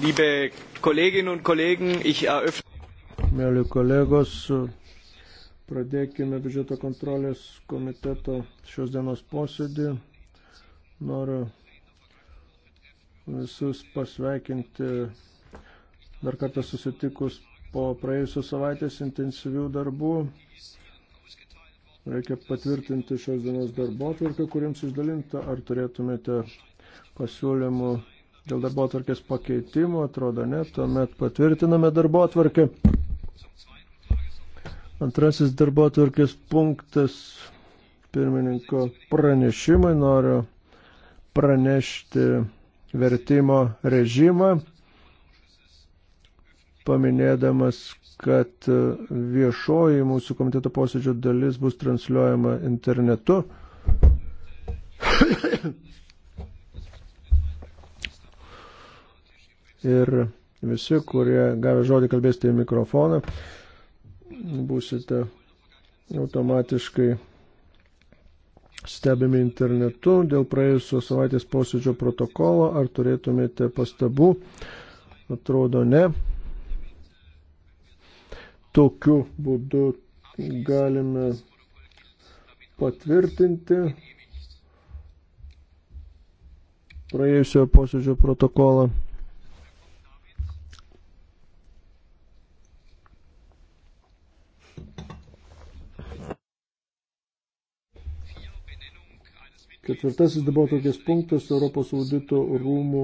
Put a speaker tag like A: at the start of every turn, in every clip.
A: liebe Kolleginnen und Kollegen, ich eröffne.
B: Mėly kolegos, pradėkime biudžeto kontrolės komiteto šios dienos posėdį. Noriu visus pasveikinti dar kartą susitikus po praėjusios savaitės intensyvių darbų. Reikia patvirtinti šios dienos darbo atvarką, kuriems išdalinta, ar turėtumėte pasiūlymų dėl darbo atvarkės pakeitimo, atrodo ne, tuomet patvirtiname darbo atvarkę. Antrasis darbo atvarkės punktas pirmininko pranešimai noriu pranešti vertimo režimą, paminėdamas, kad viešoji mūsų komiteto posėdžio dalis bus transliuojama internetu. ir visi, kurie gavę žodį kalbėsite į mikrofoną, būsite automatiškai stebimi internetu dėl praėjusios savaitės posėdžio protokolo. Ar turėtumėte pastabų? Atrodo, ne. Tokiu būdu galime patvirtinti praėjusio posėdžio protokolą. Ketvirtasis darbotvarkės punktas - Europos audito rūmų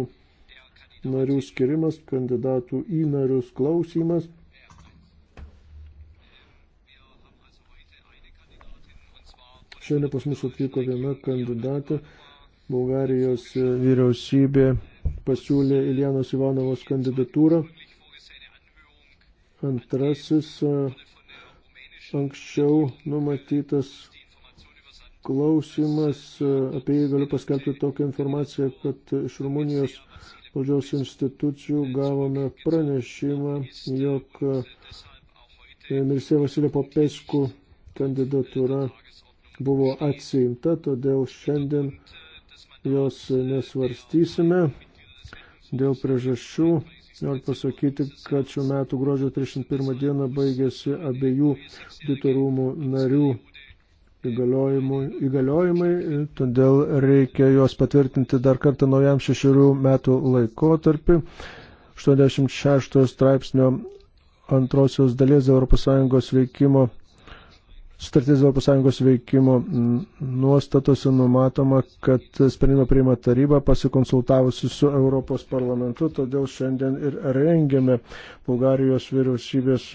B: narių skirimas, kandidatų į narius klausimas. Šiandien pas mus atvyko viena kandidatė. Bulgarijos vyriausybė pasiūlė Ilienos Ivanovos kandidatūrą. Antrasis anksčiau numatytas klausimas, e, apie jį galiu paskelbti tokią informaciją, kad iš Rumunijos valdžios institucijų gavome pranešimą, jog e, Mirsie Vasilė Popesku kandidatūra buvo atsiimta, todėl šiandien jos nesvarstysime dėl priežasčių. Noriu pasakyti, kad šiuo metu gruodžio 31 dieną baigėsi abiejų auditorumų narių įgaliojimai, todėl reikia juos patvirtinti dar kartą naujam šešių metų laikotarpį. 86 straipsnio antrosios dalies ES veikimo, sutarties ES veikimo nuostatose numatoma, kad sprendimą priima taryba pasikonsultavusi su Europos parlamentu, todėl šiandien ir rengiame Bulgarijos vyriausybės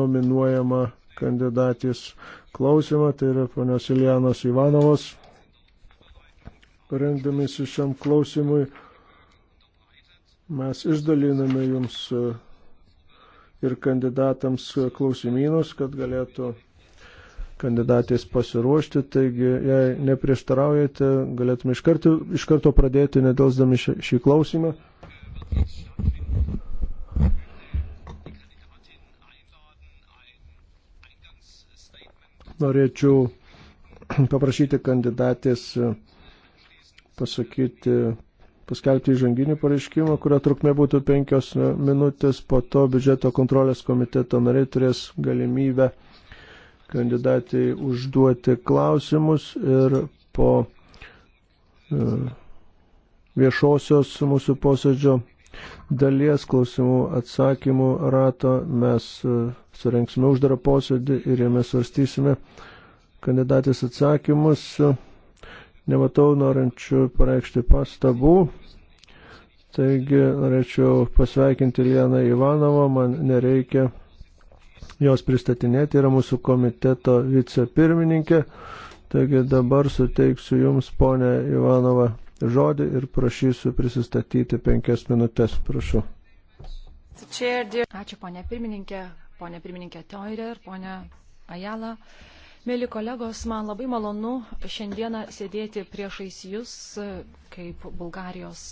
B: nominuojamą kandidatės klausimą, tai yra ponios Ilianos Ivanovos. Rengdamėsi šiam klausimui, mes išdaliname jums e, ir kandidatams klausimynus, kad galėtų kandidatės pasiruošti. Taigi, jei neprieštaraujate, galėtume iš karto, iš karto pradėti nedelsdami šį, šį klausimą. Norėčiau paprašyti kandidatės pasakyti, paskelbti įžanginį pareiškimą, kurio trukmė būtų penkios minutės, po to biudžeto kontrolės komiteto nariai turės galimybę kandidatai užduoti klausimus ir po e, viešosios mūsų posėdžio dalies klausimų atsakymų rato. Mes e, surenksime uždarą posėdį ir jame svarstysime kandidatės atsakymus. Nematau norinčių pareikšti pastabų. Taigi norėčiau pasveikinti Lieną Ivanovą, man nereikia jos pristatinėti, yra mūsų komiteto vicepirmininkė. Taigi dabar suteiksiu Jums, ponė Ivanova, žodį ir prašysiu prisistatyti penkias minutės. Prašau.
C: Ačiū, ponė pirmininkė, ponė pirmininkė Teurer, ponė Ajala. Mėly kolegos, man labai malonu šiandieną sėdėti priešais jūs kaip Bulgarijos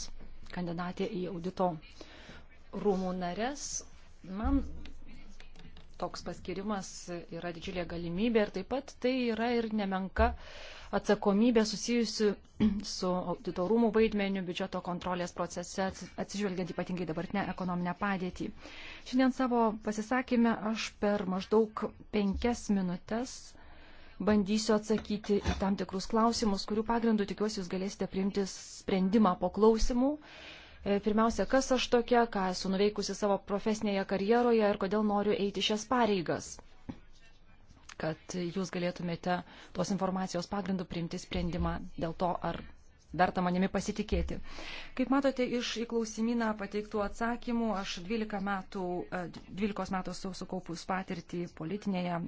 C: kandidatė į audito rūmų narės. Man toks paskirimas yra didžiulė galimybė ir taip pat tai yra ir nemenka uh, atsakomybė susijusi su auditorumų vaidmeniu biudžeto kontrolės procese, atsižvelgiant ypatingai dabartinę ekonominę padėtį. Šiandien savo pasisakymę aš per maždaug penkias minutės bandysiu atsakyti į tam tikrus klausimus, kurių pagrindų tikiuosi jūs galėsite priimti sprendimą po klausimų. E, pirmiausia, kas aš tokia, ką esu nuveikusi savo profesinėje karjeroje ir kodėl noriu eiti šias pareigas kad jūs galėtumėte tos informacijos pagrindų priimti sprendimą dėl to, ar verta manimi pasitikėti. Kaip matote, iš įklausimyną pateiktų atsakymų aš 12 metų, 12 e, metų su, sukaupus patirtį politinėje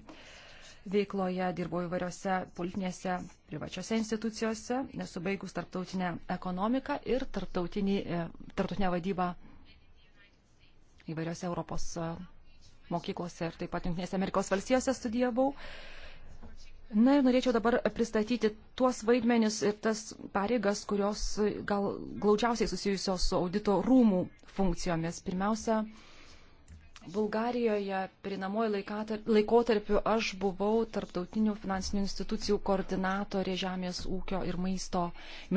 C: veikloje, dirbau įvairiose politinėse privačiose institucijose, nesu baigus tarptautinę ekonomiką ir e, tarptautinę vadybą įvairiose Europos e, mokyklose ir taip pat Junktinėse Amerikos valstijose studijavau. Na ir norėčiau dabar pristatyti tuos vaidmenis ir tas pareigas, kurios gal glaudžiausiai susijusios su audito rūmų funkcijomis. Pirmiausia, Bulgarijoje perinamojo laikotarpiu aš buvau tarptautinių finansinių institucijų koordinatorė Žemės ūkio ir maisto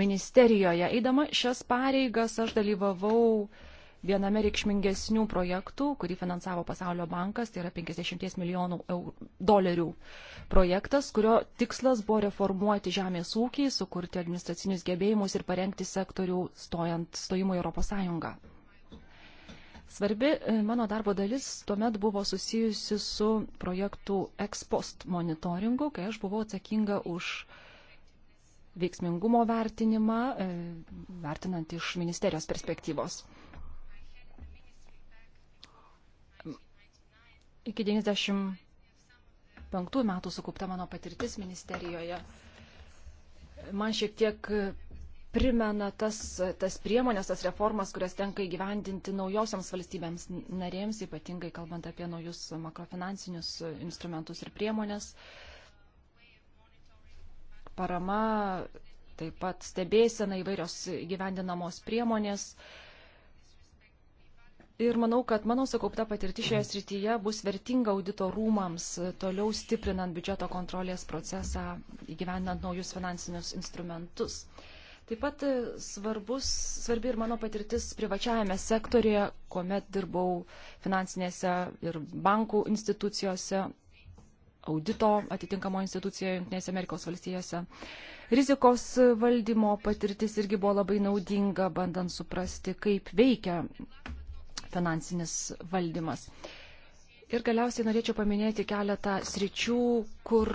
C: ministerijoje. Eidama šias pareigas aš dalyvavau uh, viename reikšmingesnių projektų, kurį finansavo Pasaulio bankas, tai yra 50 milijonų eur, dolerių projektas, kurio tikslas buvo reformuoti žemės ūkį, sukurti administracinius gebėjimus ir parengti sektorių stojant stojimo į Europos Sąjungą. Svarbi e, mano darbo dalis tuomet buvo susijusi su projektų ekspost monitoringu, kai aš buvau atsakinga už veiksmingumo vertinimą, e, vertinant iš ministerijos perspektyvos. Iki 95 metų sukaupta mano patirtis ministerijoje man šiek tiek primena tas, tas priemonės, tas reformas, kurias tenka įgyvendinti naujosiams valstybėms narėms, ypatingai kalbant apie naujus makrofinansinius instrumentus ir priemonės. Parama, taip pat stebėsena įvairios gyvendinamos priemonės. Uh, Ir manau, kad mano sukaupta patirtis šioje srityje bus vertinga audito rūmams, e, toliau stiprinant biudžeto kontrolės procesą, įgyvendinant naujus finansinius instrumentus. Taip pat e, svarbus, svarbi ir mano patirtis privačiajame sektorėje, kuomet dirbau finansinėse ir bankų institucijose, audito atitinkamo institucijoje Junktinėse Amerikos valstijose. Rizikos valdymo patirtis irgi buvo labai naudinga, bandant suprasti, kaip veikia finansinis valdymas. Ir galiausiai norėčiau paminėti keletą sričių, kur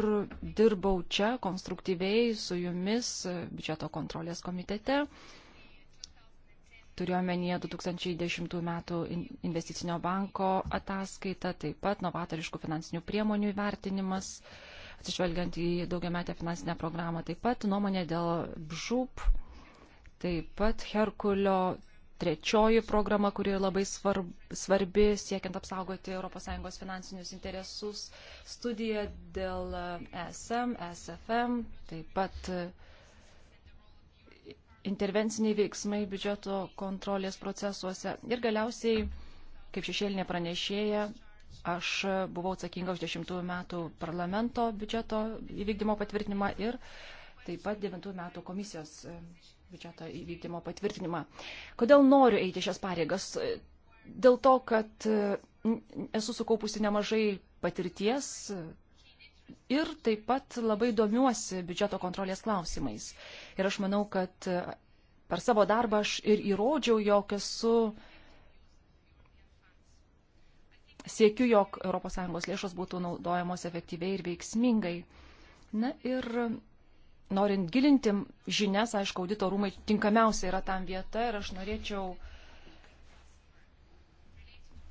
C: dirbau čia konstruktyviai su jumis biudžeto kontrolės komitete. Turiuomenyje 2010 m. investicinio banko ataskaita, taip pat novatoriškų finansinių priemonių įvertinimas, atsižvelgiant į daugiametę finansinę programą, taip pat nuomonė dėl BŽUP, taip pat Herkulio trečioji programa, kuri labai svarb, svarbi siekiant apsaugoti ES finansinius interesus, studija dėl ESM, e SFM, taip pat intervenciniai veiksmai biudžeto kontrolės procesuose ir galiausiai, kaip šešėlinė pranešėja, aš buvau atsakinga už 10 metų parlamento biudžeto įvykdymo patvirtinimą ir taip pat 9 metų komisijos biudžeto įvykdymo patvirtinimą. Kodėl noriu eiti šias pareigas? Dėl to, kad e, esu sukaupusi nemažai patirties ir taip pat labai domiuosi biudžeto kontrolės klausimais. Ir aš manau, kad e, per savo darbą aš ir įrodžiau, jog esu siekiu, jog ES lėšos būtų naudojamos efektyviai ir veiksmingai. Na ir norint gilinti žinias, aišku, audito rūmai tinkamiausia yra tam vieta ir aš norėčiau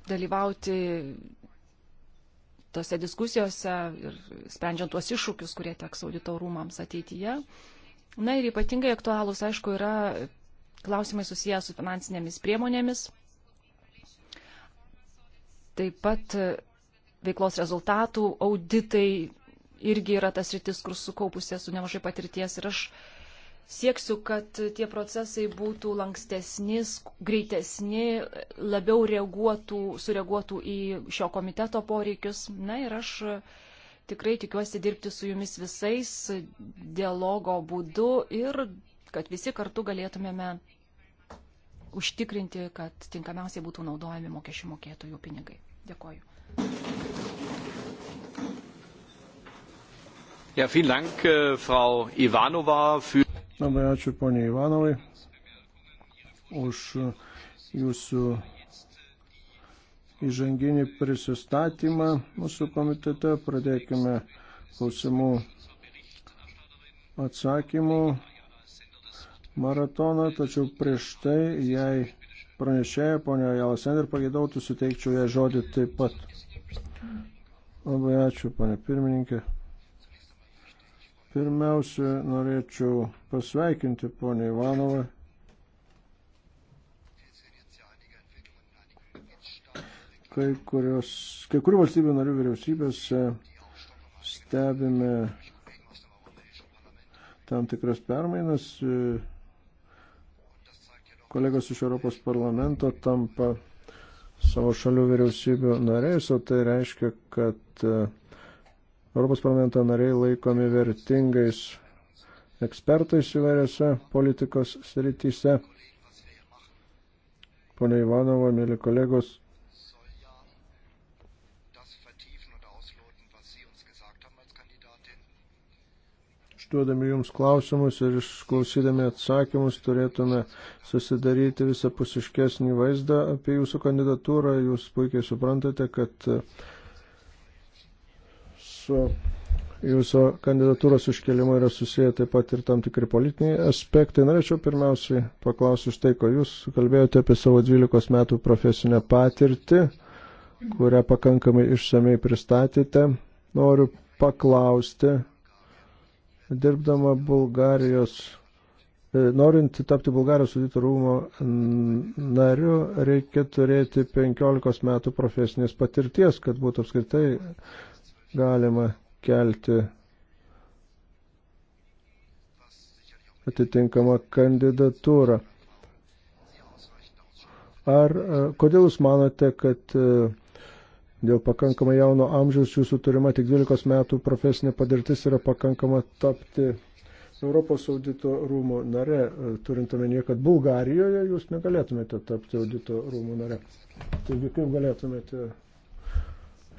C: dalyvauti tose diskusijose ir sprendžiant tuos iššūkius, kurie teks audito rūmams ateityje. Na ir ypatingai aktualūs, aišku, yra klausimai susiję su finansinėmis priemonėmis. Taip pat veiklos rezultatų auditai irgi yra tas rytis, kur sukaupusi esu nemažai patirties ir aš sieksiu, kad tie procesai būtų lankstesni, greitesni, labiau reaguotų, sureaguotų į šio komiteto poreikius. Na ir aš tikrai tikiuosi dirbti su jumis visais dialogo būdu ir kad visi kartu galėtumėme užtikrinti, kad tinkamiausiai būtų naudojami mokesčių mokėtojų pinigai. Dėkoju. Ja, vielen Dank, äh, Frau Ivanova. Für...
B: Labai ačiū, ponė Ivanovai, už e, jūsų įžanginį prisistatymą mūsų komitete. Pradėkime klausimų atsakymų maratoną, tačiau prieš tai jai pranešėja, ponia Jalasender, pagėdautų suteikčiau ją žodį taip pat. Labai ačiū, ponia pirmininkė. Pirmiausia, norėčiau pasveikinti ponę Ivanovą. Kai, kurios, kai kurių valstybių narių vyriausybėse stebime tam tikras permainas. Kolegos iš Europos parlamento tampa savo šalių vyriausybių nariais, o tai reiškia, kad uh, Europos parlamento nariai laikomi vertingais ekspertais įvairiose politikos srityse. Pone Ivanovo, mėly kolegos, užduodami jums klausimus ir išklausydami atsakymus turėtume susidaryti visapusiškesnį vaizdą apie jūsų kandidatūrą. Jūs puikiai suprantate, kad uh, su jūsų kandidatūros iškelimu yra susiję taip pat ir tam tikri politiniai aspektai. Norėčiau pirmiausiai paklausti iš tai, ko jūs kalbėjote apie savo 12 metų profesinę patirtį, kurią pakankamai išsamei pristatėte. Noriu paklausti, dirbdama Bulgarijos. E, norint tapti Bulgarijos audito rūmo nariu, reikia turėti 15 metų profesinės patirties, kad būtų apskritai galima kelti atitinkamą kandidatūrą. Ar e, kodėl Jūs manote, kad e, dėl pakankamai jauno amžiaus Jūsų turima tik 12 metų profesinė padirtis yra pakankama tapti Europos audito rūmų nare, e, turint omenyje, kad Bulgarijoje Jūs negalėtumėte tapti audito rūmų nare? Taigi kaip galėtumėte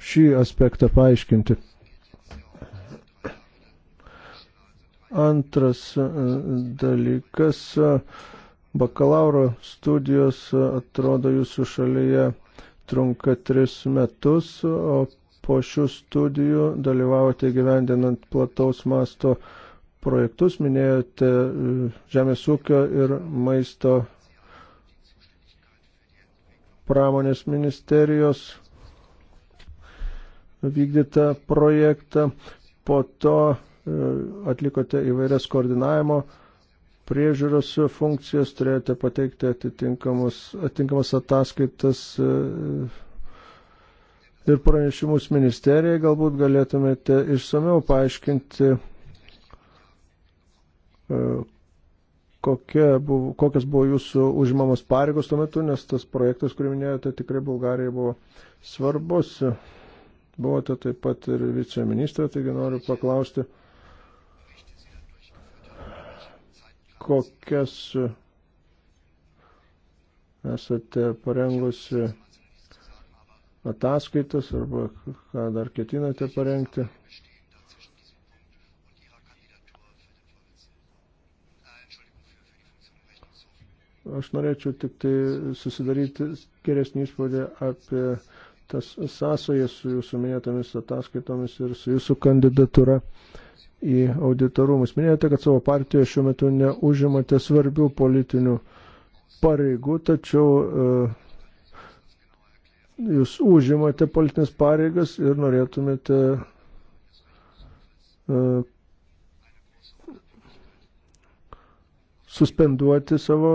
B: šį aspektą paaiškinti. Antras e, dalykas, e, bakalauro studijos e, atrodo jūsų šalyje trunka tris metus, o po šių studijų dalyvavote gyvendinant plataus masto projektus, minėjote žemės ūkio ir maisto pramonės ministerijos vykdytą projektą, po to e, atlikote įvairias koordinavimo priežiūros funkcijas, turėjote pateikti atitinkamas ataskaitas e, ir pranešimus ministerijai, galbūt galėtumėte išsameu paaiškinti, e, kokia buvo, kokias buvo jūsų užimamos pareigos tuo metu, nes tas projektas, kurį minėjote, tikrai Bulgarijai buvo svarbus. Buvote taip pat ir viceministrė, taigi noriu paklausti, kokias esate parengusi ataskaitas arba ką dar ketinate parengti. Aš norėčiau tik tai susidaryti geresnį įspūdį apie tas sąsojas su jūsų minėtomis ataskaitomis ir su jūsų kandidatūra į auditorumus. Minėjote, kad savo partijoje šiuo metu neužimate svarbių politinių pareigų, tačiau uh, jūs užimate politinės pareigas ir norėtumėte uh, suspenduoti savo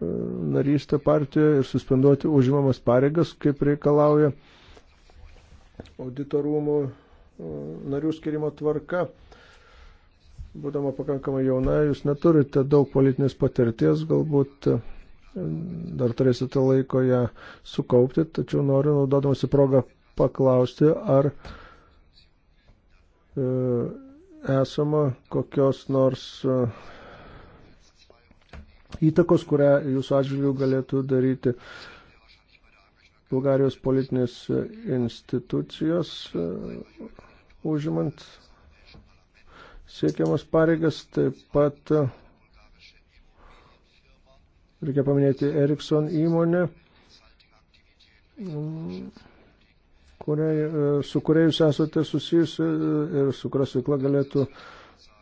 B: E, narystę partijoje ir suspenduoti užimamas pareigas, kaip reikalauja auditorumų e, narių skirimo tvarka. Būdama pakankamai jauna, jūs neturite daug politinės patirties, galbūt e, dar turėsite laiko ją sukaupti, tačiau noriu, naudodamasi progą, paklausti, ar e, esama kokios nors e, įtakos, kurią jūsų atžvilgių galėtų daryti Bulgarijos politinės institucijos e, užimant siekiamas pareigas. Taip pat e, reikia paminėti Ericsson įmonę, kuriai, e, su kuria jūs esate susijusi ir su kurios veikla galėtų uh,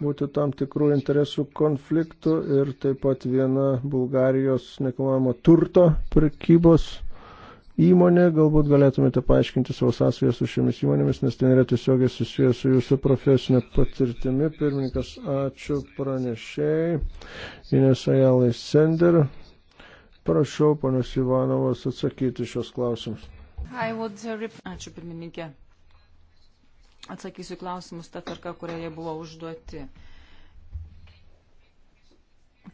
B: būti tam tikrų interesų konfliktų ir taip pat viena Bulgarijos nekilnojamo turto prekybos įmonė. Galbūt galėtumėte paaiškinti savo sąsąją su šiomis įmonėmis, nes ten yra tiesiogiai susijęs su jūsų profesinė patirtimi. Pirmininkas, ačiū pranešėjai. Inesa Jalai Sender. Prašau, panas Ivanovas, atsakyti šios klausimus.
A: Would... Uh, ačiū pirmininkė. Atsakysiu klausimus tą tvarką, kurią jie buvo užduoti.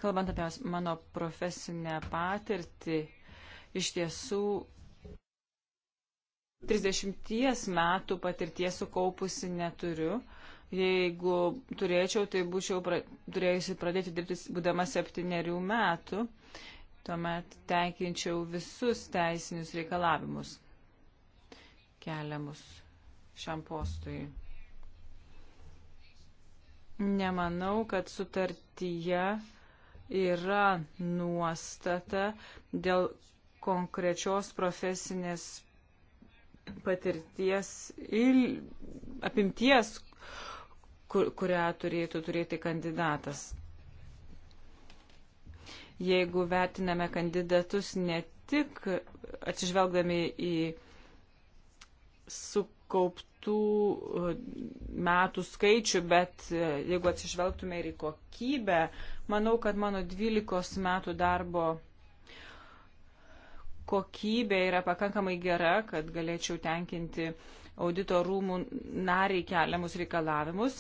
A: Kalbant apie mano profesinę patirtį, iš tiesų 30 metų patirties sukaupusi neturiu. Jeigu turėčiau, tai būčiau pra, turėjusi pradėti dirbti būdama septyniarių metų. Tuomet tenkinčiau visus teisinius reikalavimus keliamus šiam postui. Nemanau, kad sutartyje yra nuostata dėl konkrečios profesinės patirties ir apimties, kur, kurią turėtų turėti kandidatas. Jeigu vertiname kandidatus ne tik atsižvelgdami į su sukauptų e, metų skaičių, bet e, jeigu atsižvelgtume ir į kokybę, manau, kad mano 12 metų darbo kokybė yra pakankamai gera, kad galėčiau tenkinti audito rūmų nariai keliamus reikalavimus.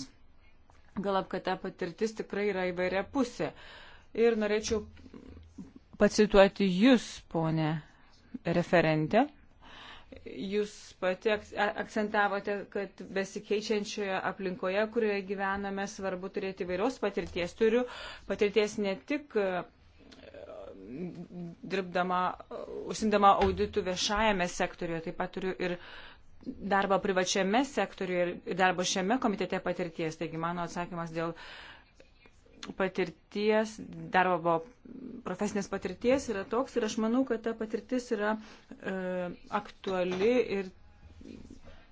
A: Galap, kad ta patirtis tikrai yra įvairia pusė. Ir norėčiau pacituoti jūs, ponė referentė. Jūs pati akcentavote, kad besikeičiančioje aplinkoje, kurioje gyvename, svarbu turėti vairios patirties. Turiu patirties ne tik e, dirbdama, užsimdama auditų viešajame sektoriuje, taip pat turiu ir darbą privačiame sektoriuje ir darbo šiame komitete patirties. Taigi mano atsakymas dėl uh, patirties, darbo profesinės patirties yra toks ir aš manau, kad ta patirtis yra e, aktuali ir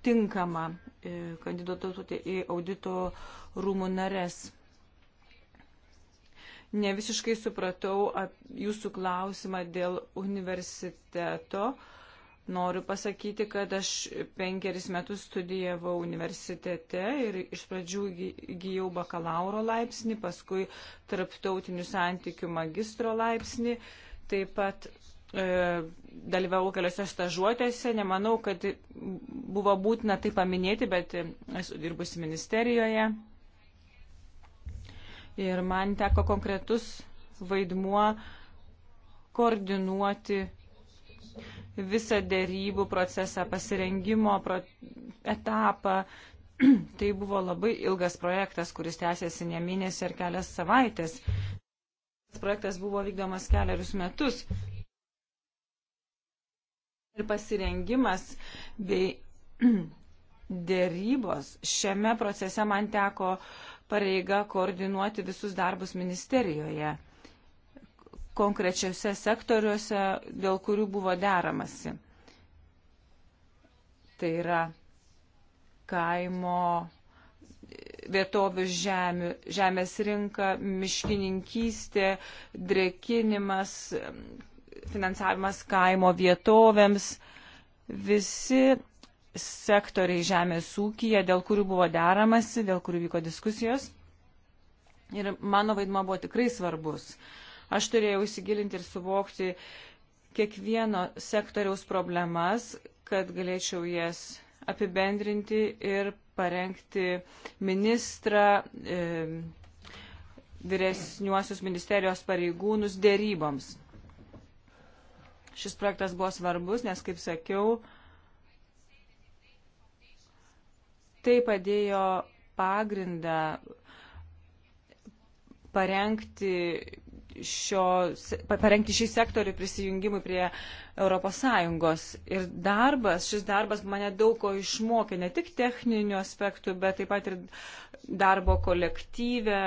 A: tinkama e, kandidatuoti į audito rūmų nares. Ne visiškai supratau jūsų klausimą dėl universiteto. E, Noriu pasakyti, kad aš penkeris metus studijavau universitete ir iš pradžių gyjau bakalauro laipsnį, paskui tarptautinių santykių magistro laipsnį, taip pat e, dalyvavau keliose stažuotėse. Nemanau, kad buvo būtina tai paminėti, bet esu dirbusi ministerijoje. Ir man teko konkretus vaidmuo koordinuoti visą dėrybų procesą, pasirengimo pro etapą. tai buvo labai ilgas projektas, kuris tęsėsi ne mėnesį ar kelias savaitės. Projektas buvo vykdomas keliarius metus. Ir pasirengimas bei dėrybos šiame procese man teko pareiga koordinuoti visus darbus ministerijoje konkrečiose sektoriuose, dėl kurių buvo deramasi. Tai yra kaimo vietovių žemių, žemės rinka, miškininkystė, drekinimas, finansavimas kaimo vietovėms. Visi sektoriai žemės ūkija, dėl kurių buvo deramasi, dėl kurių vyko diskusijos. Ir mano vaidmo buvo tikrai svarbus. Uh, Aš turėjau įsigilinti ir suvokti kiekvieno sektoriaus problemas, kad galėčiau jas apibendrinti ir parengti ministrą, e, vyresniuosius ministerijos pareigūnus dėryboms. Šis projektas buvo svarbus, nes, kaip sakiau, tai padėjo pagrindą parengti šio, parengti šį sektorių prisijungimui prie ES. Ir darbas, šis darbas mane daug ko išmokė, ne tik techninių aspektų, bet taip pat ir darbo kolektyvę,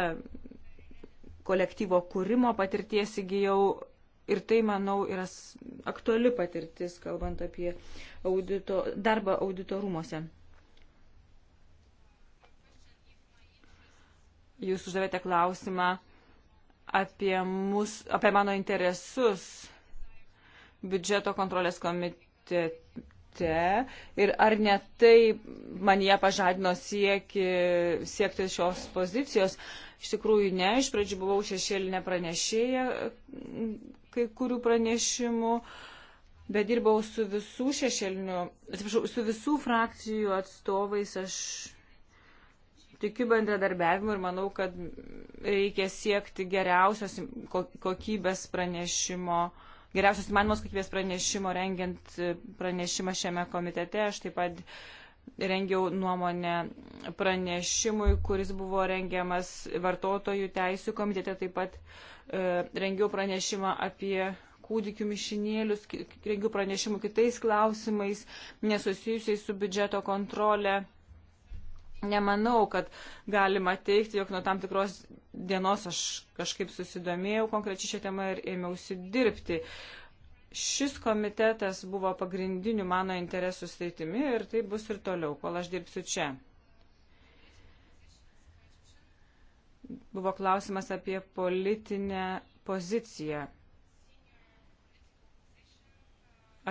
A: kolektyvo kūrimo patirties įgyjau. Ir tai, manau, yra aktuali patirtis, kalbant apie audito, darbą auditorumuose. Jūs uždavėte klausimą, apie, mus, apie mano interesus biudžeto kontrolės komitete ir ar ne tai man jie pažadino sieki, siekti šios pozicijos. Iš tikrųjų ne, iš pradžių buvau šešėlinė pranešėja kai kurių pranešimų, bet dirbau su visų šešėlinių, atsiprašau, su visų frakcijų atstovais aš Tikiu bendradarbiavimu ir manau, kad reikia siekti geriausios kokybės pranešimo, geriausios įmanomos kokybės pranešimo rengiant pranešimą šiame komitete. Aš taip pat rengiau nuomonę pranešimui, kuris buvo rengiamas vartotojų teisų komitete, taip pat e, rengiau pranešimą apie kūdikių mišinėlius, rengiu pranešimų kitais klausimais, nesusijusiais su biudžeto kontrolė Nemanau, kad galima teikti, jog nuo tam tikros dienos aš kažkaip susidomėjau konkrečiai šią temą ir ėmiausi dirbti. Šis komitetas buvo pagrindiniu mano interesų sritimi ir tai bus ir toliau, kol aš dirbsiu čia. Buvo klausimas apie politinę poziciją.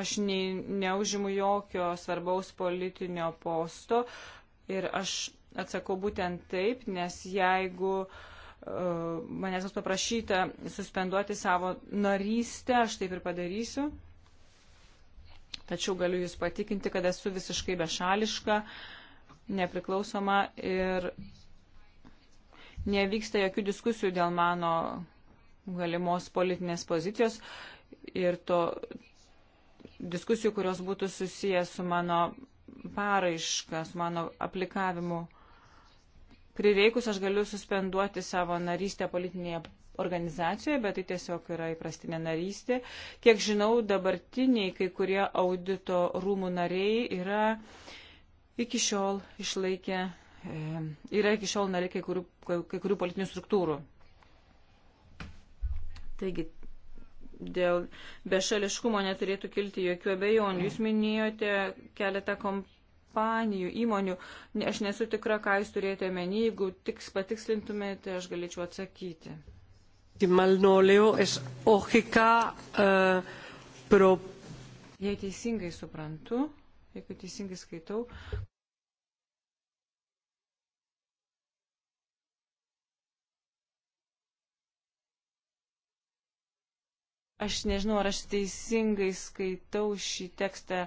A: Aš neužimu jokio svarbaus politinio posto, Ir aš atsakau būtent taip, nes jeigu uh, manęs bus paprašyta suspenduoti savo narystę, aš taip ir padarysiu. Tačiau galiu Jūs patikinti, kad esu visiškai bešališka, nepriklausoma ir nevyksta jokių diskusijų dėl mano galimos politinės pozicijos ir to diskusijų, kurios būtų susijęs su mano paraišką, su mano aplikavimu. Prireikus aš galiu suspenduoti savo narystę politinėje organizacijoje, bet tai tiesiog yra įprastinė narystė. Kiek žinau, dabartiniai kai kurie audito rūmų nariai yra iki šiol išlaikę, e, yra iki šiol nariai kai kurių, kai kurių politinių struktūrų. Taigi, dėl bešališkumo neturėtų kilti jokių abejonių. Jūs minėjote keletą komp kompanijų, įmonių. Aš nesu tikra, ką jūs turėjote menį, jeigu tiks patikslintumėte, tai aš galėčiau atsakyti. Jei teisingai suprantu, jeigu teisingai skaitau. Aš nežinau, ar aš teisingai skaitau šį tekstą,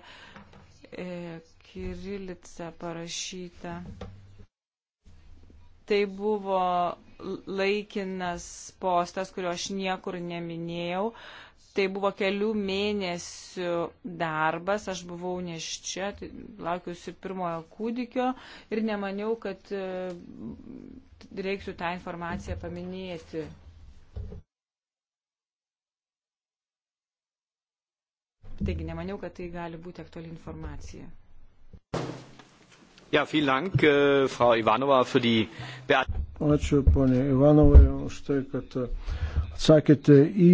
A: e, kirilica parašyta. Tai buvo laikinas postas, kurio aš niekur neminėjau. Tai buvo kelių mėnesių darbas, aš buvau neščia, tai laukiausi pirmojo kūdikio ir nemaniau, kad e, reiktų tą informaciją paminėti. Taigi nemaniau, kad tai gali būti aktuali informacija.
B: Ja, Dank, äh,
C: Frau Ivanova, für die
B: Ačiū, ponė Ivanovai, už tai, kad äh, atsakėte į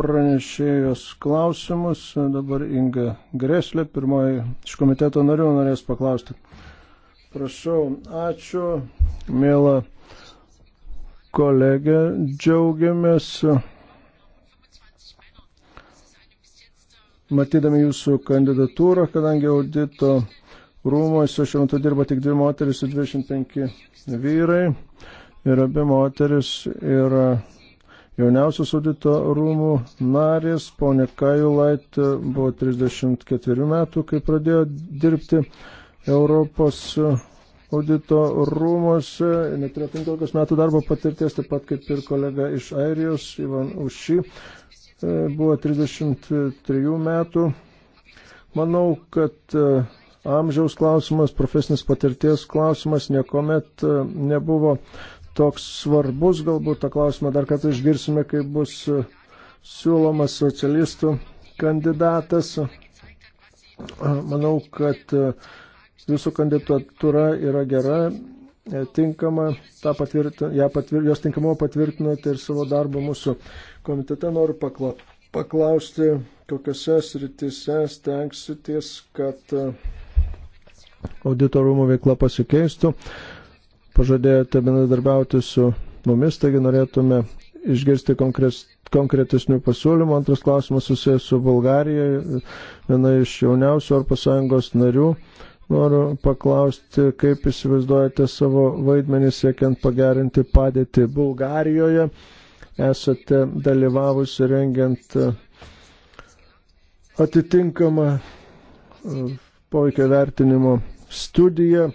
B: pranešėjos klausimus. Dabar Inga Greslė, pirmoji iš komiteto narių, norės paklausti. Prašau, ačiū, mėla kolegė, džiaugiamės matydami jūsų kandidatūrą, kadangi audito rūmose šiuo metu dirba tik dvi moteris ir 25 vyrai. Ir abi moteris yra jauniausios audito rūmų narės. Pone Kajulait buvo 34 metų, kai pradėjo dirbti Europos audito rūmose. Neturėjo 15 metų darbo patirties, taip pat kaip ir kolega iš Airijos, Ivan Uši, e, buvo 33 metų. Manau, kad uh, amžiaus klausimas, profesinės patirties klausimas niekuomet e, nebuvo toks svarbus. Galbūt tą klausimą dar kartą išgirsime, kai bus e, siūlomas socialistų kandidatas. E, manau, kad jūsų kandidatūra yra gera, tinkama, patvirtin, ja patvir, jos tinkamumo patvirtinote ir savo darbą mūsų komitete noriu pakla, paklausti, kokiuose sritise stengsitės, kad uh, auditorumo veikla pasikeistų. Pažadėjote bendradarbiauti su mumis, taigi norėtume išgirsti konkres, konkretesnių pasiūlymų. Antras klausimas susijęs su Bulgarija, viena iš jauniausių Europos Sąjungos narių. Noriu paklausti, kaip įsivaizduojate savo vaidmenį siekiant pagerinti padėtį Bulgarijoje. Esate dalyvavusi rengiant e, atitinkamą e, poveikio vertinimo studiją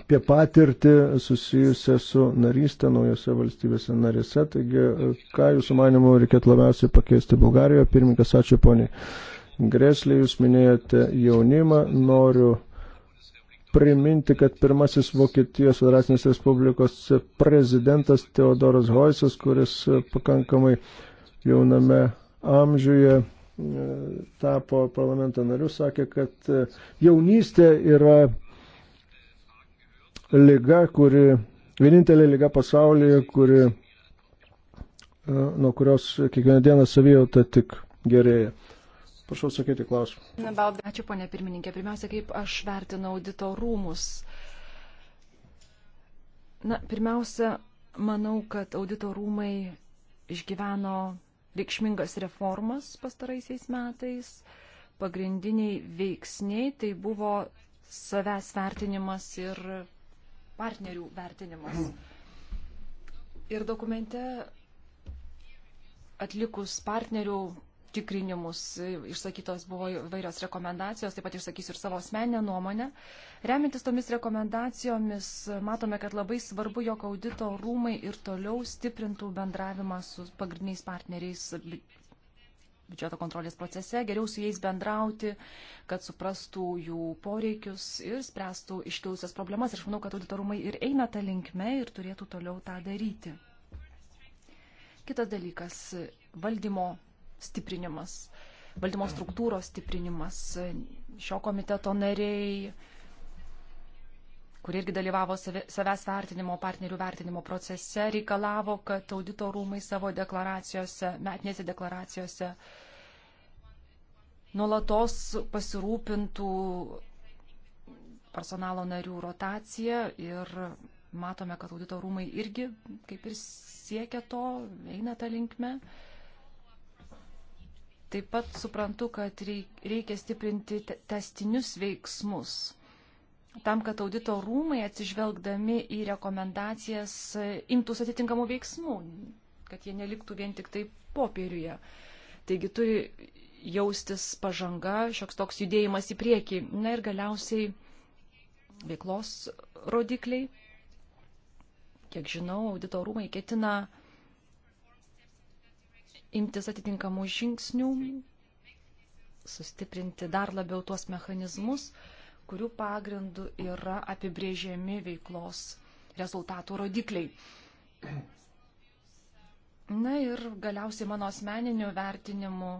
B: apie patirtį susijusią su narystė naujose valstybėse narėse. Taigi, ką jūsų manimo reikėtų labiausiai pakeisti Bulgarijoje? Pirmininkas, ačiū poniai. Greslė, jūs minėjote jaunimą, noriu priminti, kad pirmasis Vokietijos Federacinės Respublikos prezidentas Teodoras Hoisas, kuris pakankamai jauname amžiuje tapo parlamento nariu, sakė, kad e, jaunystė yra lyga, kuri, vienintelė lyga pasaulyje, kuri, e, nuo kurios kiekvieną dieną savijauta tik gerėja. Prašau sakyti klausimą.
C: Ačiū, ponė pirmininkė. Pirmiausia, kaip aš vertinu audito rūmus. Na, pirmiausia, manau, kad audito rūmai išgyveno reikšmingas reformas pastaraisiais metais. Pagrindiniai veiksniai tai buvo savęs vertinimas ir partnerių vertinimas. Ir dokumente atlikus partnerių tikrinimus, išsakytos buvo vairios rekomendacijos, taip pat išsakysiu ir savo asmenę nuomonę. Remintis tomis rekomendacijomis, matome, kad labai svarbu, jog audito rūmai ir toliau stiprintų bendravimą su pagrindiniais partneriais biudžeto kontrolės procese, geriau su jais bendrauti, kad suprastų jų poreikius ir spręstų iškilusias problemas. Ir aš manau, kad auditorumai ir eina tą linkmę ir turėtų toliau tą daryti. Kitas dalykas - valdymo stiprinimas, valdymo struktūros stiprinimas, šio komiteto nariai, kurie irgi dalyvavo savęs vertinimo, partnerių vertinimo procese, reikalavo, kad audito rūmai savo deklaracijose, metinėse deklaracijose nuolatos pasirūpintų personalo narių rotacija ir matome, kad audito rūmai irgi kaip ir siekia to, eina tą linkmę. Taip pat suprantu, kad reikia stiprinti testinius veiksmus. Tam, kad audito rūmai atsižvelgdami į rekomendacijas imtųs atitinkamų veiksmų, kad jie neliktų vien tik tai popieriuje. Taigi turi jaustis pažanga, šioks toks judėjimas į priekį. Na ir galiausiai veiklos rodikliai. Kiek žinau, audito rūmai ketina uh, imtis atitinkamų žingsnių, sustiprinti dar labiau tuos mechanizmus, kurių pagrindų yra apibrėžiami veiklos rezultatų rodikliai. Na ir galiausiai mano asmeniniu vertinimu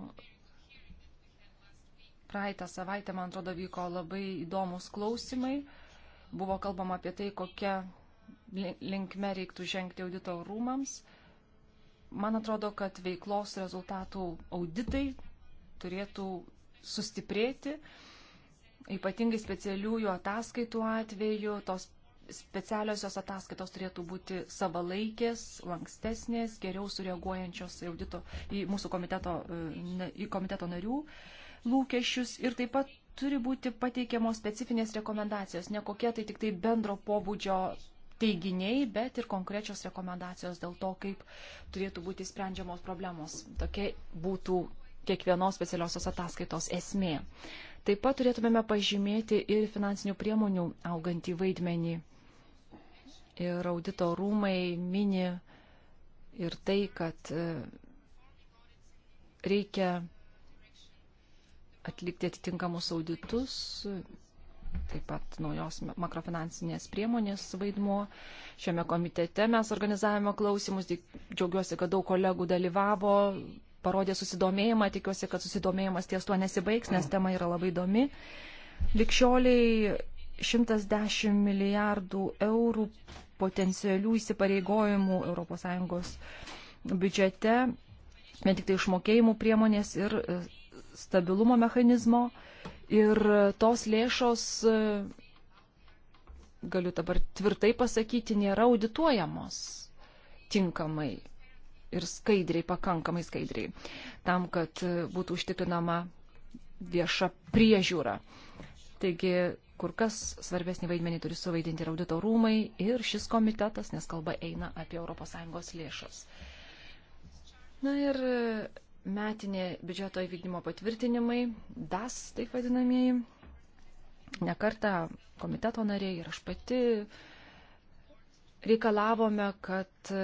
C: praeitą savaitę, man atrodo, vyko labai įdomus klausimai. Buvo kalbama apie tai, kokia linkme reiktų žengti audito rūmams. Man atrodo, kad veiklos rezultatų auditai turėtų sustiprėti, ypatingai specialiųjų ataskaitų atveju, tos specialiosios ataskaitos turėtų būti savalaikės, lankstesnės, geriau sureaguojančios į, audito, į mūsų komiteto, e, į komiteto narių lūkesčius ir taip pat turi būti pateikiamos specifinės rekomendacijos, ne kokie tai tik tai bendro pobūdžio teiginiai, bet ir konkrečios rekomendacijos dėl to, kaip turėtų būti sprendžiamos problemos. Tokia būtų kiekvienos specialiosios ataskaitos esmė. Taip pat turėtumėme pažymėti ir finansinių priemonių augantį vaidmenį. Ir audito rūmai mini ir tai, kad e, reikia atlikti atitinkamus auditus, taip pat naujos makrofinansinės priemonės vaidmuo. Šiame komitete mes organizavome klausimus, džiaugiuosi, kad daug kolegų dalyvavo, parodė susidomėjimą, tikiuosi, kad susidomėjimas ties tuo nesibaigs, nes tema yra labai įdomi. Likščioliai 110 milijardų eurų potencialių įsipareigojimų ES biudžete, vien tik tai išmokėjimų priemonės ir e, stabilumo mechanizmo Ir tos lėšos, e, galiu dabar tvirtai pasakyti, nėra audituojamos tinkamai ir skaidriai, pakankamai skaidriai, tam, kad e, būtų užtikrinama vieša priežiūra. Taigi, kur kas svarbesnį vaidmenį turi suvaidinti ir audito rūmai, ir šis komitetas, nes kalba eina apie ES lėšas. Na ir metinė biudžeto įvykdymo patvirtinimai, DAS taip vadinamieji. Nekarta komiteto nariai ir aš pati reikalavome, kad e,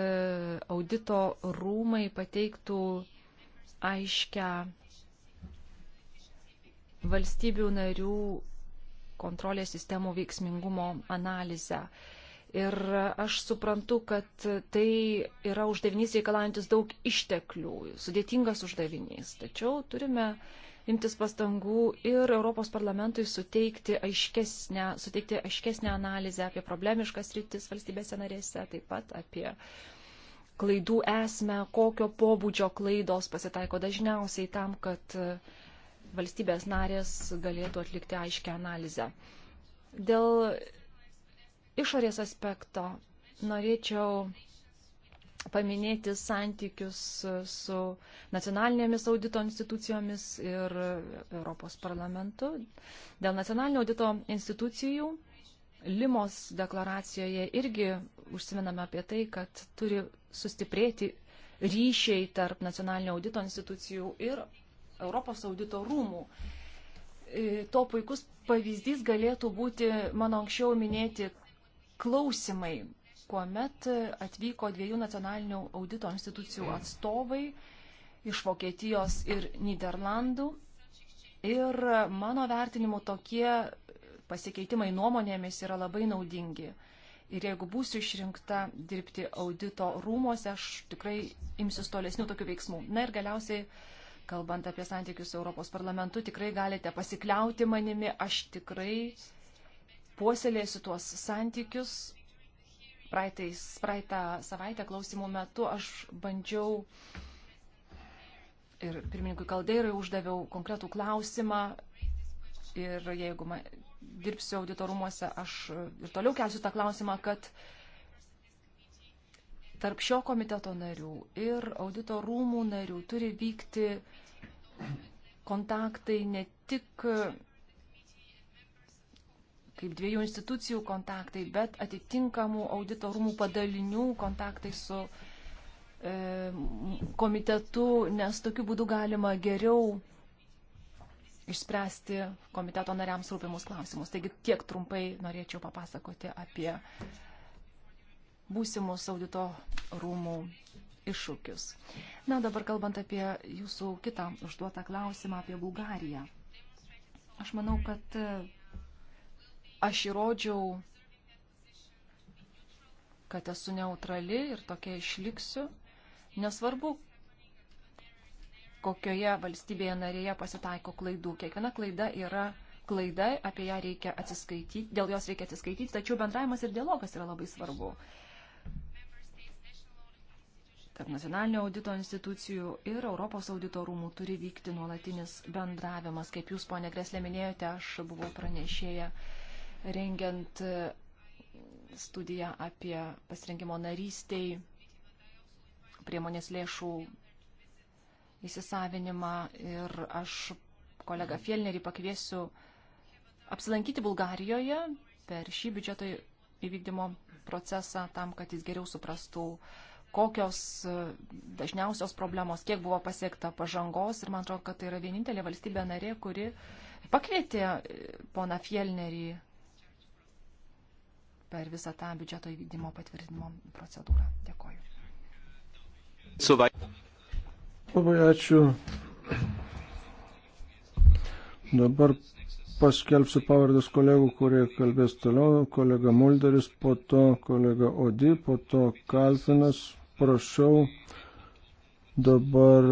C: audito rūmai pateiktų aiškę valstybių narių kontrolės sistemų veiksmingumo analizę. Ir aš suprantu, kad tai yra uždavinys reikalaujantis daug išteklių, sudėtingas uždavinys. Tačiau turime imtis pastangų ir Europos parlamentui suteikti aiškesnę, suteikti aiškesnę analizę apie problemiškas rytis valstybėse narėse, taip pat apie klaidų esmę, kokio pobūdžio klaidos pasitaiko dažniausiai tam, kad valstybės narės galėtų atlikti aiškę analizę. Dėl išorės aspekto norėčiau paminėti santykius su nacionalinėmis audito institucijomis ir Europos parlamentu. Dėl nacionalinio audito institucijų Limos deklaracijoje irgi užsiminame apie tai, kad turi sustiprėti ryšiai tarp nacionalinio audito institucijų ir Europos audito rūmų. E, to puikus pavyzdys galėtų būti mano anksčiau minėti klausimai, kuomet atvyko dviejų nacionalinių audito institucijų atstovai iš Vokietijos ir Niderlandų. Ir mano vertinimu tokie pasikeitimai nuomonėmis yra labai naudingi. Ir jeigu būsiu išrinkta dirbti audito rūmose, aš tikrai imsiu tolesnių tokių veiksmų. Na ir galiausiai, kalbant apie santykius su Europos parlamentu, tikrai galite pasikliauti manimi, aš tikrai uh, puoselėsiu tuos santykius. Praeitais, praeitą savaitę klausimų metu aš bandžiau ir pirmininkui Kaldeirai uždaviau konkretų klausimą ir jeigu man, dirbsiu auditorumuose, aš ir toliau kelsiu tą klausimą, kad tarp šio komiteto narių ir auditorumų narių turi vykti kontaktai ne tik kaip dviejų institucijų kontaktai, bet atitinkamų auditorumų padalinių kontaktai su e, komitetu, nes tokiu būdu galima geriau išspręsti komiteto nariams rūpimus klausimus. Taigi tiek trumpai norėčiau papasakoti apie būsimus audito rūmų iššūkius. Na, dabar kalbant apie jūsų kitą užduotą klausimą apie Bulgariją. Aš manau, kad aš įrodžiau, kad esu neutrali ir tokia išliksiu. Nesvarbu, kokioje valstybėje narėje pasitaiko klaidų. Kiekviena klaida yra klaida, apie ją reikia atsiskaityti, dėl jos reikia atsiskaityti, tačiau bendravimas ir dialogas yra labai svarbu. Tarp nacionalinio audito institucijų ir Europos audito rūmų turi vykti nuolatinis bendravimas. Kaip jūs, ponė Greslė, minėjote, aš buvau pranešėję rengiant e, studiją apie pasirinkimo narystiai, priemonės lėšų įsisavinimą ir aš kolegą Fielnerį pakviesiu apsilankyti Bulgarijoje per šį biudžeto įvykdymo procesą tam, kad jis geriau suprastų, kokios e, dažniausios problemos, kiek buvo pasiekta pažangos ir man atrodo, kad tai yra vienintelė valstybė narė, kuri pakvietė e, pona Fielnerį per visą tą biudžeto įvykdymo patvirtinimo procedūrą.
B: Dėkoju. Labai ačiū. Dabar paskelbsiu pavardės kolegų, kurie kalbės toliau. Kolega Mulderis, po to kolega Odi, po to Kalfinas. Prašau dabar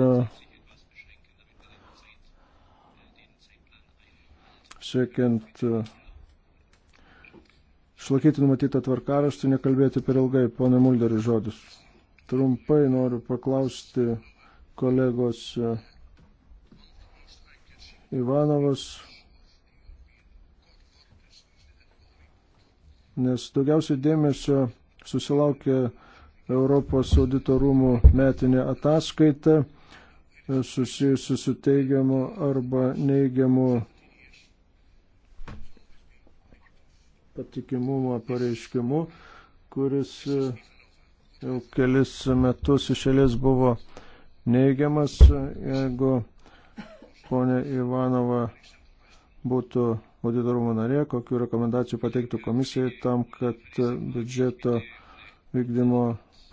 B: siekiant išlaikyti numatytą tvarkaraštį, nekalbėti per ilgai, ponė Mulderis žodis. Trumpai noriu paklausti kolegos e, Ivanovas, nes daugiausiai dėmesio susilaukė Europos auditorumų metinė ataskaita e, susijusi su teigiamu arba neigiamu patikimumo pareiškimu, kuris e, jau kelis metus išėlės buvo neigiamas. E, jeigu ponia Ivanova būtų auditorumo narė, kokiu rekomendacijų pateiktų komisijai tam, kad e, biudžeto vykdymo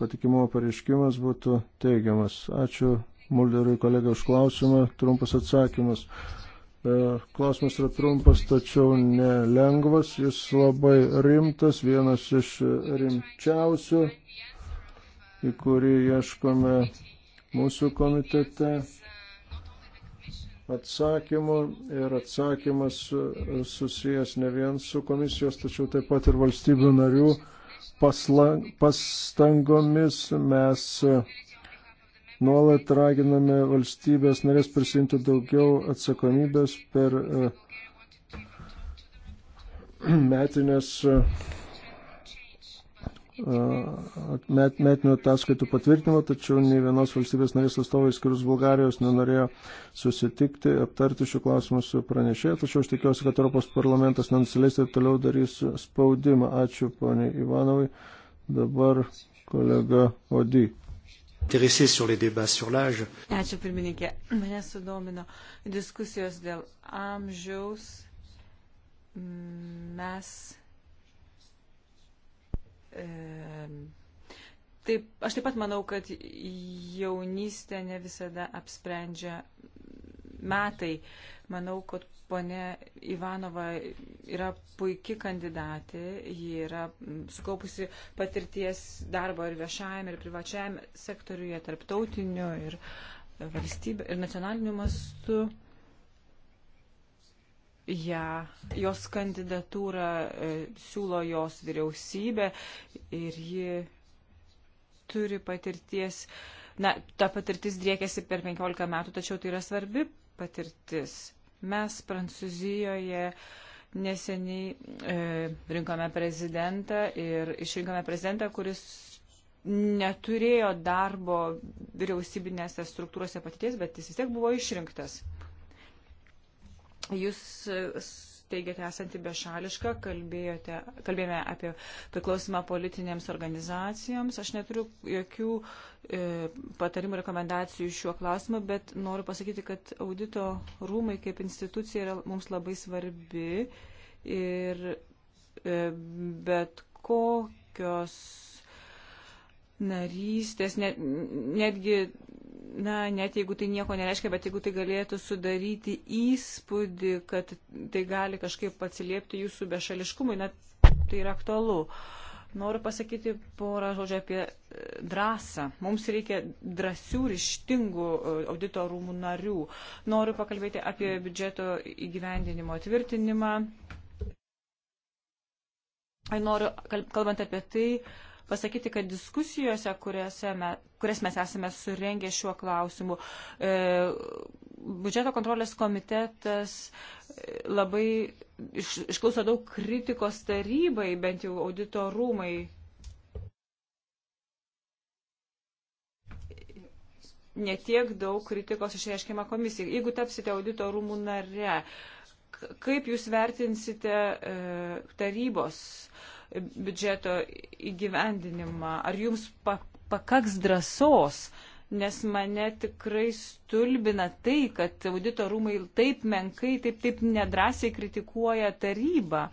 B: patikimumo pareiškimas būtų teigiamas. Ačiū Mulderui kolega už klausimą, trumpas atsakymas. E, klausimas yra trumpas, tačiau nelengvas. Jis labai rimtas, vienas iš rimčiausių, į kurį ieškome mūsų komitete atsakymų. Ir atsakymas susijęs ne vien su komisijos, tačiau taip pat ir valstybių narių pasla, pastangomis mes Nuolat raginame valstybės narės prisimti daugiau atsakomybės per e, metinės e, met, metinių ataskaitų patvirtinimo, tačiau nei vienos valstybės narės atstovai, skirus Bulgarijos, nenorėjo susitikti, aptarti šių klausimų su pranešėja, tačiau aš tikiuosi, kad Europos parlamentas nenusileis ir toliau darys spaudimą. Ačiū, poniai Ivanovai. Dabar kolega Odi. Ačiū
A: pirmininkė. Mane sudomino diskusijos dėl amžiaus. Mes. E, taip, aš taip pat manau, kad jaunystė ne visada apsprendžia metai. E, Manau, kad ponė Ivanova yra puikia kandidatė, ji yra sukaupusi patirties darbo ir viešajame, ir privačiajame sektoriuje, tarptautiniu, ir valstybė, ir nacionaliniu mastu. Ja, jos kandidatūrą e, siūlo jos vyriausybė ir ji turi patirties, na, ta patirtis driekiasi per 15 metų, tačiau tai yra svarbi patirtis. Mes Prancūzijoje neseniai e, rinkome prezidentą ir išrinkome prezidentą, kuris neturėjo darbo vyriausybinėse struktūrose patirties, bet jis vis tiek buvo išrinktas. Jūs e, teigiate esanti bešališka, kalbėjote, kalbėjome apie priklausimą politinėms organizacijoms. Aš neturiu jokių e, patarimų, rekomendacijų šiuo klausimu, bet noriu pasakyti, kad audito rūmai kaip institucija yra mums labai svarbi ir e, bet kokios narystės, net, netgi na, net jeigu tai nieko nereiškia, bet jeigu tai galėtų sudaryti įspūdį, kad tai gali kažkaip atsiliepti jūsų bešališkumui, net tai yra aktualu. Noriu pasakyti porą žodžių apie e, drąsą. Mums reikia drąsių ir ištingų e, audito rūmų narių. Noriu pakalbėti apie biudžeto įgyvendinimo tvirtinimą. Noriu, kalbant apie tai, pasakyti, kad diskusijose, me, kurias mes esame surengę šiuo klausimu, e, biudžeto kontrolės komitetas e, labai iš, išklauso daug kritikos tarybai, bent jau audito rūmai netiek daug kritikos išreiškima komisija. Jeigu tapsite audito rūmų nare, kaip jūs vertinsite e, tarybos biudžeto įgyvendinimą. Ar jums pa, pakaks drąsos? Nes mane tikrai stulbina tai, kad audito rūmai taip menkai, taip, taip nedrasiai kritikuoja tarybą.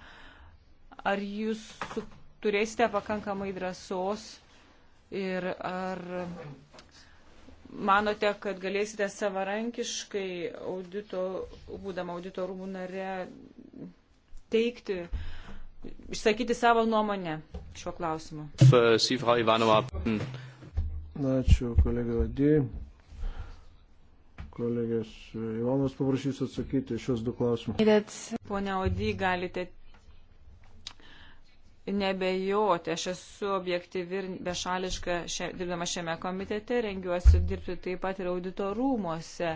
A: Ar jūs turėsite pakankamai drąsos ir ar manote, kad galėsite savarankiškai, audito, būdama audito rūmų nare, teikti uh, išsakyti savo nuomonę šiuo
B: klausimu.
C: Hm.
B: Ačiū, kolega Vadį. Kolegės e, Ivanas paprašys atsakyti šios du klausimus.
A: Pone Odį, galite nebejoti, aš esu objektyvi ir bešališka, šia, dirbdama šiame komitete, rengiuosi dirbti taip pat ir auditorumuose.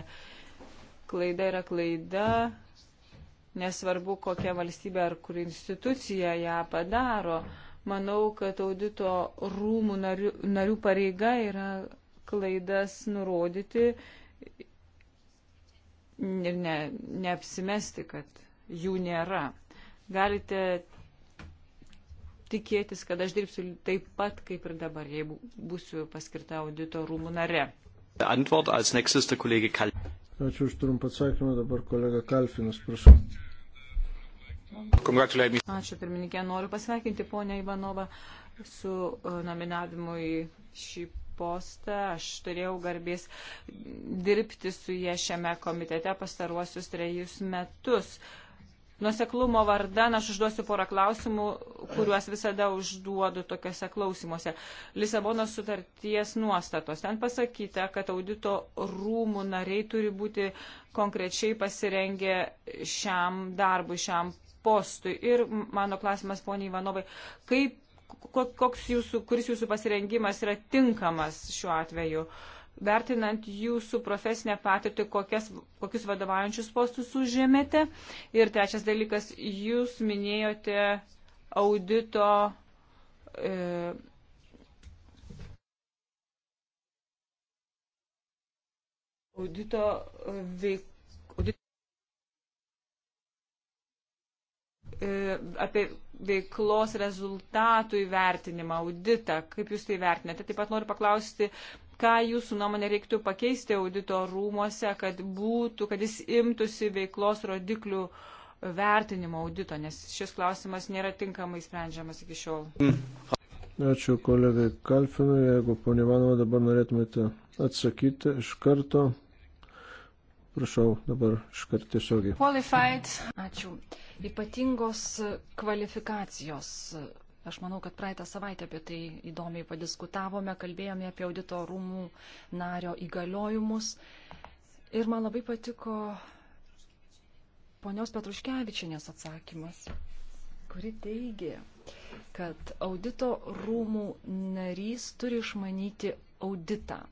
A: Klaida yra klaida, nesvarbu kokia valstybė ar kuri institucija ją padaro. Manau, kad audito rūmų narių, narių pareiga yra klaidas nurodyti ir ne, neapsimesti, kad jų nėra. Galite tikėtis, kad aš dirbsiu taip pat kaip ir dabar, jeigu būsiu paskirta audito rūmų nare.
C: Antwort als nächstes der Kollege Kalb.
B: Ačiū už trumpą atsakymą, dabar kolega Kalfinas, prašau. Ačiū
A: pirmininkė, noriu pasveikinti ponę Ivanovą su e, nominavimu į šį postą. Aš turėjau garbės dirbti su jie šiame komitete pastaruosius trejus metus. Nuseklumo vardan aš užduosiu porą klausimų, kuriuos visada užduodu tokiuose klausimuose. Lisabonos sutarties nuostatos. Ten pasakyta, kad audito rūmų nariai turi būti konkrečiai pasirengę šiam darbui, šiam postui. Ir mano klausimas, poniai Ivanovai, kaip, koks jūsų, kuris jūsų pasirengimas yra tinkamas šiuo atveju? vertinant jūsų profesinę patirtį, kokias, kokius vadovaujančius postus užėmėte. Ir trečias dalykas, jūs minėjote audito. E, audito veik, E, apie veiklos rezultatų įvertinimą, auditą, kaip jūs tai vertinate. Taip pat noriu paklausti, ką jūsų nuomonė reiktų pakeisti audito rūmose, kad būtų, kad jis imtųsi veiklos rodiklių vertinimo audito, nes šis klausimas nėra tinkamai sprendžiamas iki šiol.
B: Ačiū kolegai Kalfinui, jeigu ponė Vanova dabar norėtumėte atsakyti iš karto, Prašau dabar iškart tiesiogiai.
C: Qualified. Ačiū. Ypatingos kvalifikacijos. Aš manau, kad praeitą savaitę apie tai įdomiai padiskutavome, kalbėjome apie audito rūmų nario įgaliojimus. Ir man labai patiko ponios Petruškevičinės atsakymas, kuri teigė, kad audito rūmų narys turi išmanyti auditą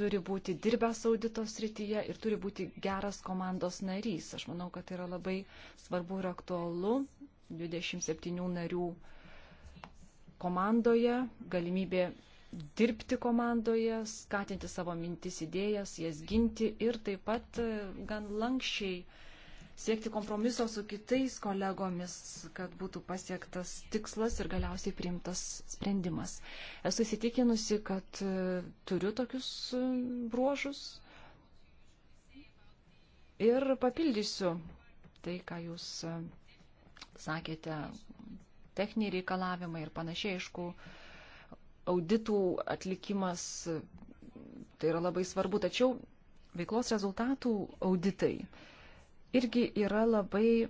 C: turi būti dirbęs audito srityje ir turi būti geras komandos narys. Aš manau, kad tai yra labai svarbu ir aktualu. 27 narių komandoje, galimybė dirbti komandoje, skatinti savo mintis, idėjas, jas ginti ir taip pat e, gan lankščiai siekti kompromiso su kitais kolegomis, kad būtų pasiektas tikslas ir galiausiai priimtas sprendimas. Esu įsitikinusi, kad e, turiu tokius e, bruožus ir papildysiu tai, ką jūs e, sakėte, techniniai reikalavimai ir panašiai, aišku, auditų atlikimas tai yra labai svarbu, tačiau veiklos rezultatų auditai irgi yra labai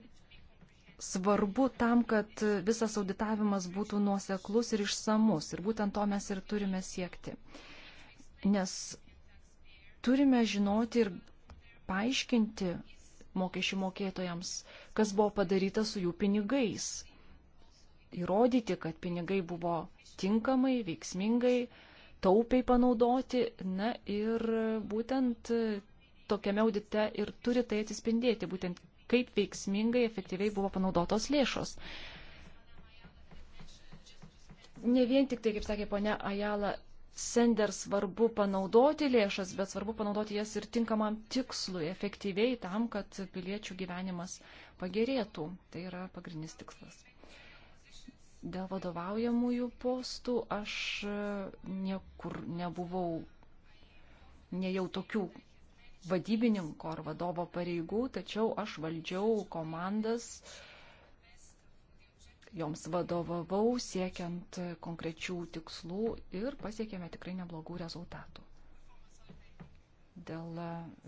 C: svarbu tam, kad visas auditavimas būtų nuoseklus ir išsamus. Ir būtent to mes ir turime siekti. Nes turime žinoti ir paaiškinti mokesčių mokėtojams, kas buvo padaryta su jų pinigais. Įrodyti, kad pinigai buvo tinkamai, veiksmingai, taupiai panaudoti. Na ir būtent tokiame audite ir turi tai atsispindėti, būtent kaip veiksmingai, efektyviai buvo panaudotos lėšos. Ne vien tik tai, kaip sakė ponia Ajala, sender svarbu panaudoti lėšas, bet svarbu panaudoti jas ir tinkamam tikslui, efektyviai tam, kad piliečių gyvenimas pagerėtų. Tai yra pagrindinis tikslas. Dėl vadovaujamųjų postų aš niekur nebuvau, nejau tokių vadybininko ar vadovo pareigų, tačiau aš valdžiau komandas, joms vadovavau siekiant konkrečių tikslų ir pasiekėme tikrai neblogų rezultatų. Dėl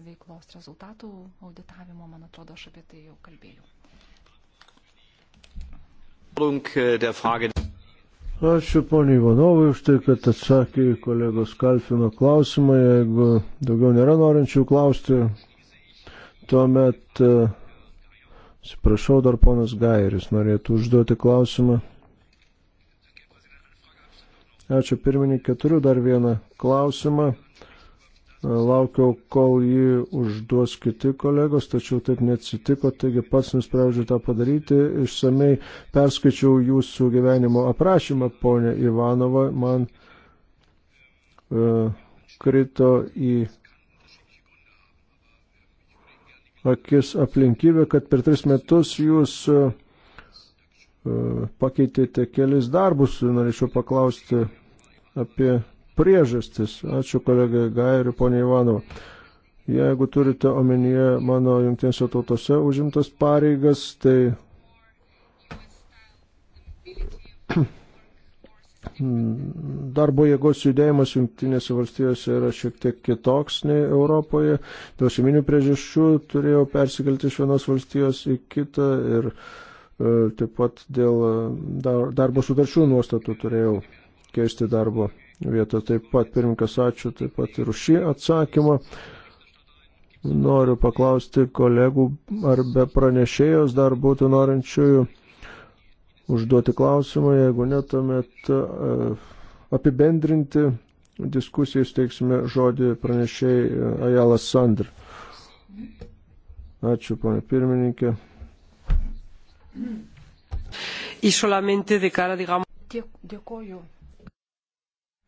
C: veiklos rezultatų auditavimo, man atrodo, aš apie tai jau kalbėjau.
B: Ačiū poniai Ivanovai už tai, kad atsakė į kolegos Kalfino klausimą. Jeigu daugiau nėra norinčių klausti, tuomet, e, atsiprašau, dar ponas Gairis norėtų užduoti klausimą. Ačiū pirmininkė, turiu dar vieną klausimą. Laukiau, kol jį užduos kiti kolegos, tačiau taip neatsitiko, taigi pats nusprendžiu tą padaryti. Išsamei perskaičiau jūsų gyvenimo aprašymą, ponė Ivanova, man uh, krito į akis aplinkybė, kad per tris metus jūs e, pakeitėte kelis darbus. Norėčiau paklausti apie priežastis. Ačiū kolegai Gairiu, ponė Ivanova. Jeigu turite omenyje mano jungtinėse tautose užimtas pareigas, tai darbo jėgos judėjimas jungtinėse valstijose yra šiek tiek kitoks nei Europoje. Dėl šeiminių priežasčių turėjau persikelti iš vienos valstijos į kitą ir e, taip pat dėl e, dar, darbo sutarčių nuostatų turėjau keisti darbo vietą. Taip pat, pirmkas, ačiū taip pat ir už šį atsakymą. Noriu paklausti kolegų, ar be pranešėjos dar būtų norinčiųjų užduoti klausimą, jeigu netumėt e, apibendrinti diskusijai steiksime žodį pranešėjai e, Ajalas Sandr. Ačiū, ponė pirmininkė.
C: Dėkoju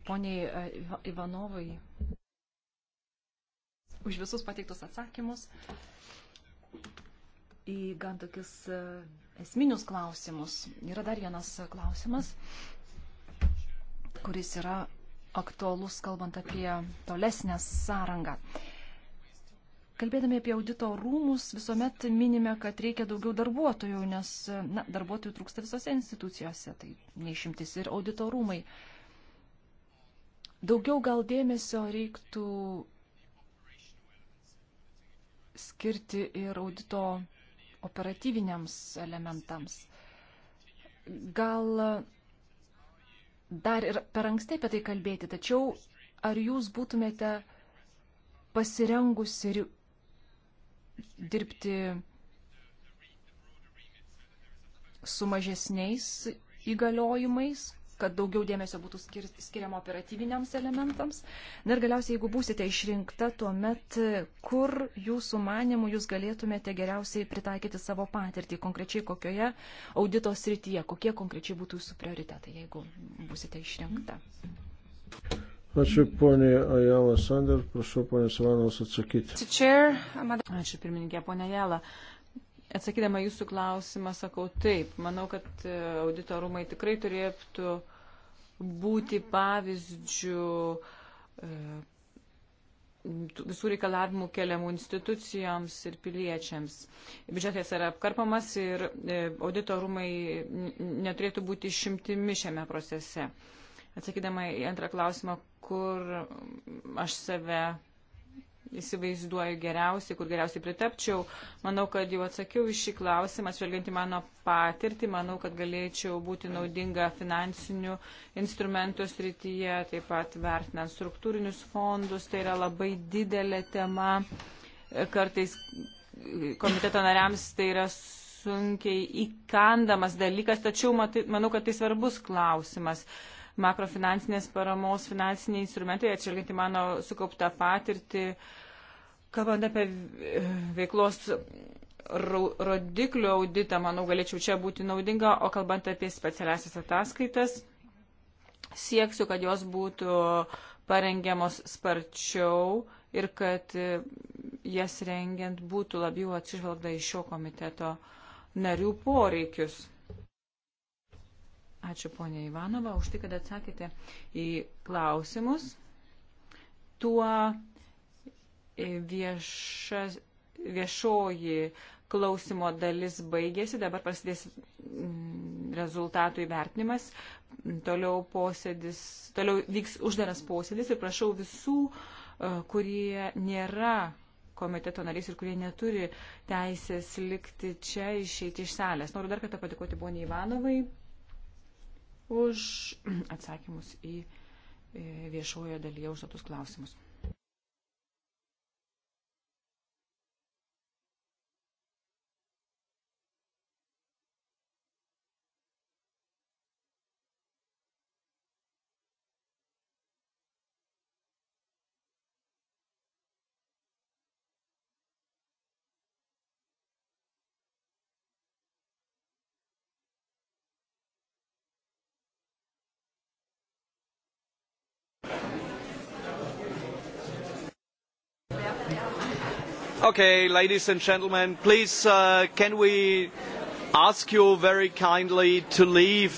C: poniai e, Ivanovai už visus pateiktus atsakymus į gan tokius e, esminius klausimus. Yra dar vienas klausimas, kuris yra aktualus, kalbant apie tolesnę sąrangą. Kalbėdami apie audito rūmus, visuomet minime, kad reikia daugiau darbuotojų, nes na, darbuotojų trūksta visose institucijose, tai neišimtis ir audito rūmai. Uh, Daugiau gal dėmesio reiktų skirti ir audito operatyviniams elementams. Gal dar ir per anksti apie tai kalbėti, tačiau ar jūs būtumėte pasirengusi dirbti su mažesniais įgaliojimais, kad daugiau dėmesio būtų skir skiriama operatyviniams elementams. Na ir galiausiai, jeigu būsite išrinkta, tuomet kur jūsų manimų jūs galėtumėte geriausiai pritaikyti savo patirtį, konkrečiai kokioje audito srityje, kokie konkrečiai būtų jūsų prioritetai, jeigu būsite išrinkta.
B: Ačiū ponė Ajala Sander, prašau ponė Savanos atsakyti.
A: Ačiū pirmininkė ponė Ajala. Atsakydama jūsų klausimą, sakau taip. Manau, kad e, auditorumai tikrai turėtų būti pavyzdžių e, visų reikalavimų keliamų institucijoms ir piliečiams. Biudžetas yra apkarpamas ir e, auditorumai neturėtų būti šimtimi šiame procese. Atsakydama į antrą klausimą, kur aš save įsivaizduoju geriausiai, kur geriausiai pritapčiau. Manau, kad jau atsakiau iš šį klausimą, atsvelgiant į mano patirtį, manau, kad galėčiau būti naudinga finansinių instrumentų srityje, taip pat vertinant struktūrinius fondus, tai yra labai didelė tema. Kartais komiteto nariams tai yra sunkiai įkandamas dalykas, tačiau matai, manau, kad tai svarbus klausimas. Uh, makrofinansinės paramos finansiniai instrumentai, atšvelgiant į mano sukauptą patirtį, kalbant apie veiklos rodiklių auditą, manau, galėčiau čia būti naudinga, o kalbant apie specialiasias ataskaitas, sieksiu, kad jos būtų parengiamos sparčiau ir kad jas rengiant būtų labiau atsižvelgta į šio komiteto narių poreikius. Ačiū ponė Ivanova už tai, kad atsakėte į klausimus. Tuo e, viešas, viešoji klausimo dalis baigėsi, dabar prasidės mm, rezultatų įvertinimas, toliau, posėdis, toliau vyks uždaras posėdis ir prašau visų, e, kurie nėra komiteto narys ir kurie neturi teisės likti čia, išeiti iš salės. Noriu dar kartą padėkoti poniai Ivanovai už atsakymus į viešojo dalyje užduotus klausimus.
B: Okay, ladies and gentlemen, please uh, can we ask you very kindly to leave